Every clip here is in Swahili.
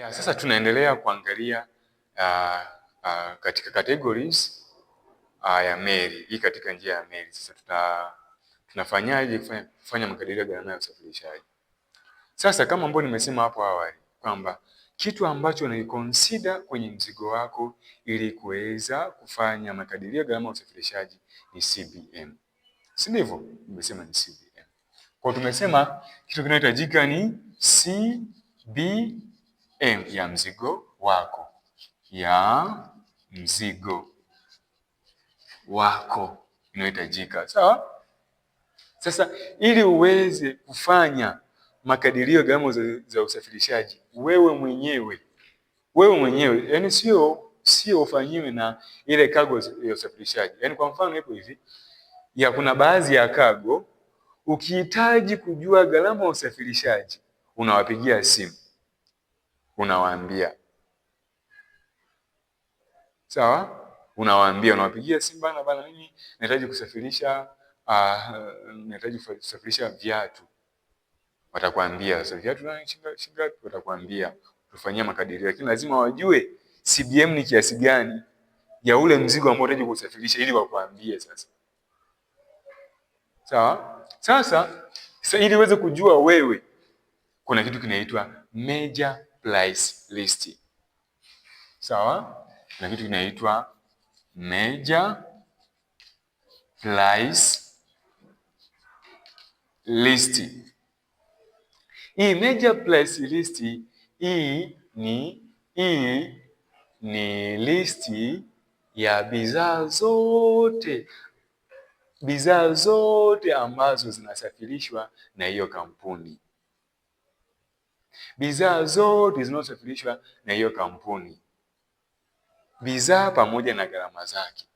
Ya, sasa tunaendelea kuangalia uh, uh, katika categories uh, ya meli hii katika njia ya meli. Sasa tuta, tunafanyaje kufanya, makadirio ya gharama ya usafirishaji? Sasa kama ambavyo nimesema hapo awali kwamba kitu ambacho unaikonsida kwenye mzigo wako ili kuweza kufanya makadirio ya gharama ya usafirishaji ni CBM. Si ndivyo? Nimesema ni CBM. Kwa tumesema kitu kinachohitajika ni CBM e, ya mzigo wako, ya mzigo wako inayohitajika. Sawa. Sasa ili uweze kufanya makadirio gharama za, za usafirishaji wewe mwenyewe wewe mwenyewe, yani sio sio ufanyiwe na ile kago ya usafirishaji. Yani kwa mfano ipo hivi ya kuna baadhi ya kago, ukihitaji kujua gharama ya usafirishaji unawapigia simu unawaambia. Sawa? Unawaambia, unawapigia simu bana bana, mimi nahitaji kusafirisha uh, nahitaji kusafirisha viatu. Watakwambia sasa viatu na shilingi ngapi? Watakwambia tufanyia makadirio, lakini lazima wajue CBM ni kiasi gani ya ule mzigo ambao unahitaji kusafirisha ili wakwambie sasa. Sawa? Sasa, sasa ili uweze kujua wewe kuna kitu kinaitwa major price list. Sawa, na kitu kinaitwa major price list. Hii major price list hii ni hii ni listi ya bidhaa zote bidhaa zote ambazo zinasafirishwa na hiyo kampuni. Bidhaa zote zinazosafirishwa na hiyo kampuni, bidhaa pamoja na gharama zake.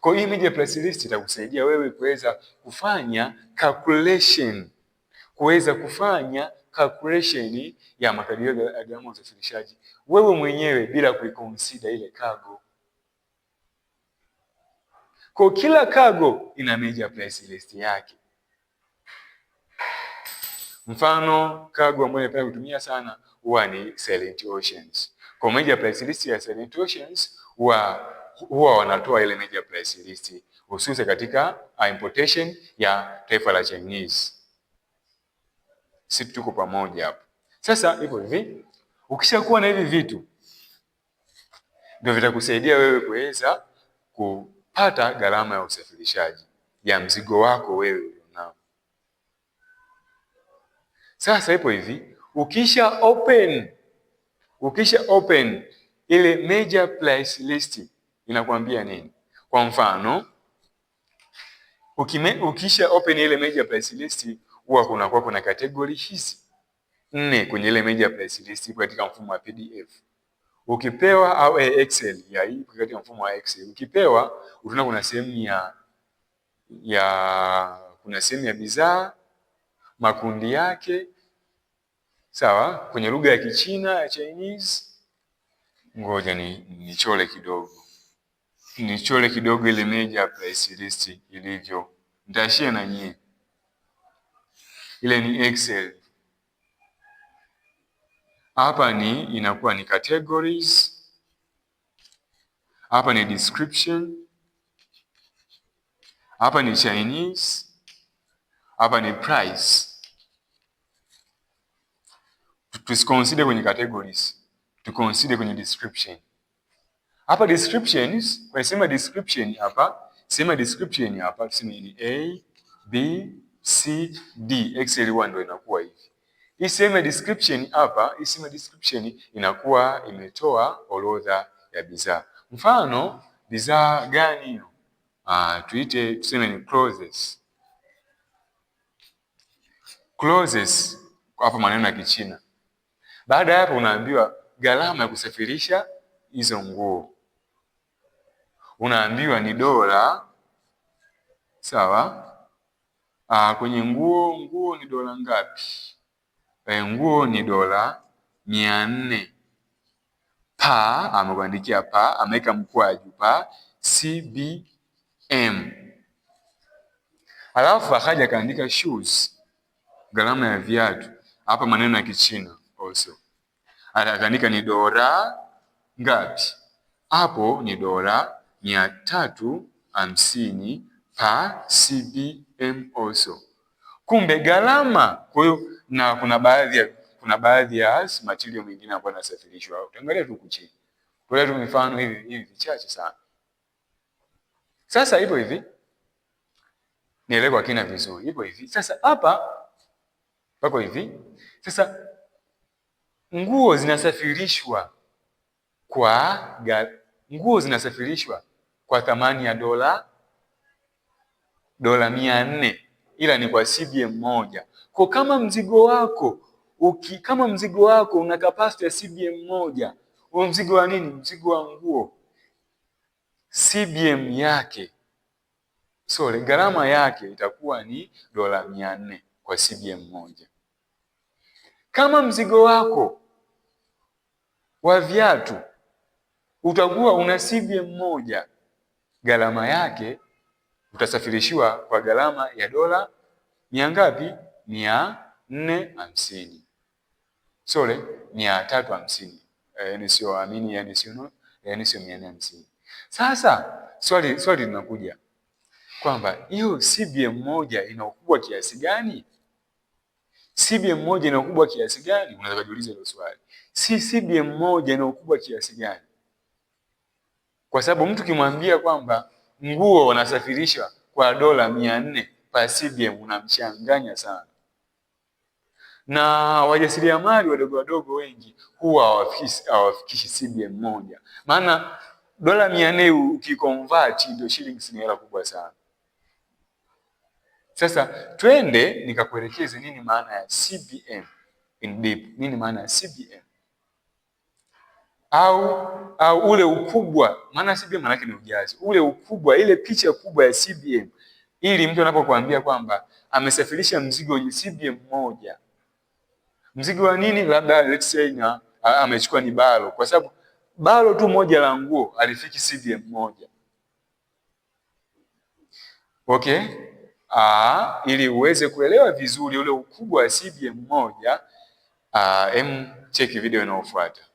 Kwa hiyo hii media price list itakusaidia wewe kuweza kufanya calculation, kuweza kufanya calculation ya makadirio ya gharama za usafirishaji wewe mwenyewe bila kuikonsida ile cargo. Kwa kila cargo ina media price list yake. Mfano cargo ambayo napenda kutumia sana huwa ni Silent Oceans. Kwa major price list ya Silent Oceans huwa huwa wanatoa ile major price list hususan katika importation ya taifa la Chinese. Sisi tuko pamoja hapo. Sasa hivyo hivi, ukishakuwa na hivi vitu ndio vitakusaidia wewe kuweza kupata gharama ya usafirishaji ya mzigo wako wewe. Sasa ipo hivi, ukisha open ukisha open ile major place list inakwambia nini? Kwa mfano ukime, ukisha open ile major place list huwa kuna kwa kuna category hizi nne kwenye ile major place list ipo katika mfumo wa PDF ukipewa au eh, Excel ya hii katika mfumo wa Excel ukipewa, utaona kuna sehemu ya ya kuna sehemu ya bidhaa makundi yake, sawa, kwenye lugha ya Kichina ya Chinese. Ngoja ni nichole kidogo, nichole kidogo ile major price list ilivyo, nitaishia na nyie. Ile ni Excel. Hapa ni inakuwa ni categories hapa ni description, hapa ni Chinese, hapa ni price. Tusiconsider kwenye categories, tuconsider kwenye description. Hapa descriptions, kwenye sema description hapa, sema description hapa, tuseme ni A, B, C, D. Excel 1 ndio inakuwa hivi. Hii sema description hapa, hii sema description inakuwa imetoa orodha ya bidhaa. Mfano, bidhaa gani hiyo? Ah, tuite tuseme ni clothes. Clothes hapa maneno ya Kichina. Baada ya hapo, unaambiwa gharama ya kusafirisha hizo nguo, unaambiwa ni dola sawa. Aa, ah, kwenye nguo nguo ni dola ngapi? E, nguo ni dola mia nne. Pa amekuandikia pa, ameweka mkwaju pa CBM, alafu akaja akaandika shoes, gharama ya viatu. Hapa maneno ya Kichina also. Anadhanika ni dola ngapi? Hapo ni dola mia tatu hamsini pa CBM also. Kumbe gharama kwa hiyo, na kuna baadhi ya kuna baadhi ya material mingine ambayo inasafirishwa. hapo. tu kuchi. Kwa tu mifano hivi hivi vichache sana. Sasa hivyo hivi kwa kina vizuri, hivyo hivi sasa hapa pako hivi sasa nguo zinasafirishwa kwa nguo zinasafirishwa kwa thamani ya dola dola mia nne ila ni kwa CBM moja. Kwa kama mzigo wako uki, kama mzigo wako una capacity ya CBM moja, huo mzigo wa nini? Mzigo wa nguo, CBM yake sorry, gharama yake itakuwa ni dola mia nne kwa CBM moja. Kama mzigo wako wa viatu utakuwa una CBM moja, gharama yake utasafirishiwa kwa gharama ya dola mia ngapi? Mia nne hamsini sole mia tatu hamsini yaani sio amini, yaani sio yaani sio mia nne hamsini. Sasa swali swali linakuja kwamba hiyo CBM moja ina ukubwa kiasi gani? CBM moja ina ukubwa kiasi gani? Unaweza kujiuliza hilo swali. Si CBM moja ina ukubwa kiasi gani? Kwa sababu mtu kimwambia kwamba nguo wanasafirishwa kwa dola mia nne pa CBM unamchanganya sana, na wajasiriamali wadogo wadogo wengi huwa hawafikishi CBM moja, maana dola mia nne ukikonvert ndio shillings ni hela kubwa sana. Sasa twende nikakuelekeze nini maana ya CBM in deep, nini maana ya CBM au au ule ukubwa, maana CBM yake ni ujazi, ule ukubwa, ile picha kubwa ya CBM, ili mtu anapokuambia kwamba amesafirisha mzigo wenye CBM moja, mzigo wa nini, labda let's say na amechukua ni balo, kwa sababu balo tu moja la nguo alifiki CBM moja, okay A, ili uweze kuelewa vizuri ule ukubwa wa CBM moja, em, cheki video inayofuata.